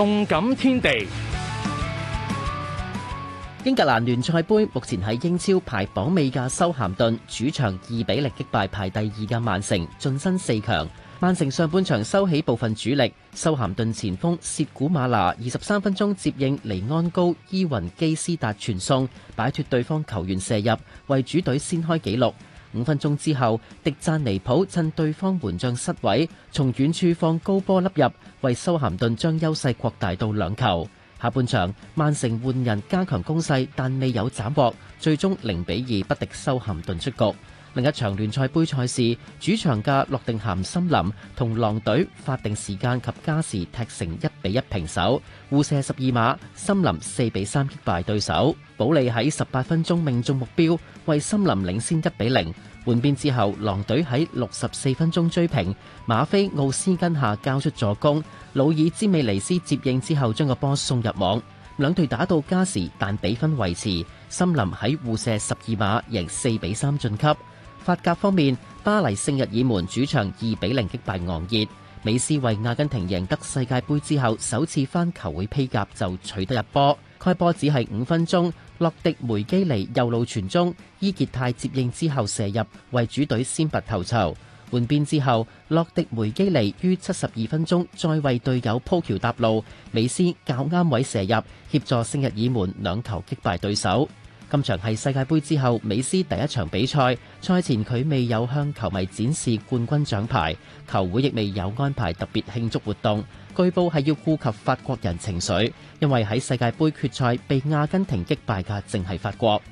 動感天地，英格蘭聯賽盃，目前喺英超排榜尾嘅修咸頓主場二比零擊敗排第二嘅曼城，晉身四強。曼城上半場收起部分主力，修咸頓前鋒涉古馬拿二十三分鐘接應尼安高伊雲基斯達傳送，擺脫對方球員射入，為主隊先開紀錄。五分鐘之後，迪贊尼普趁對方門將失位，從遠處放高波粒入，為修咸頓將優勢擴大到兩球。下半場，曼城換人加強攻勢，但未有斬獲，最終零比二不敵修咸頓出局。另一場聯賽杯賽事，主場嘅諾定咸森林同狼隊法定時間及加時踢成1比1平手，互射十二碼，森林4比3擊敗對手。保利喺18分鐘命中目標，為森林領先1比0。換邊之後，狼隊喺64分鐘追平馬菲奧斯根下交出助攻，魯爾詹美尼斯接應之後將個波送入網。兩隊打到加時，但比分維持。森林喺互射12碼贏4比3晉級。法甲方面，巴黎聖日耳門主場2比0今場係世界盃之後，美斯第一場比賽。賽前佢未有向球迷展示冠軍獎牌，球會亦未有安排特別慶祝活動。據報係要顧及法國人情緒，因為喺世界盃決賽被阿根廷擊敗嘅，正係法國。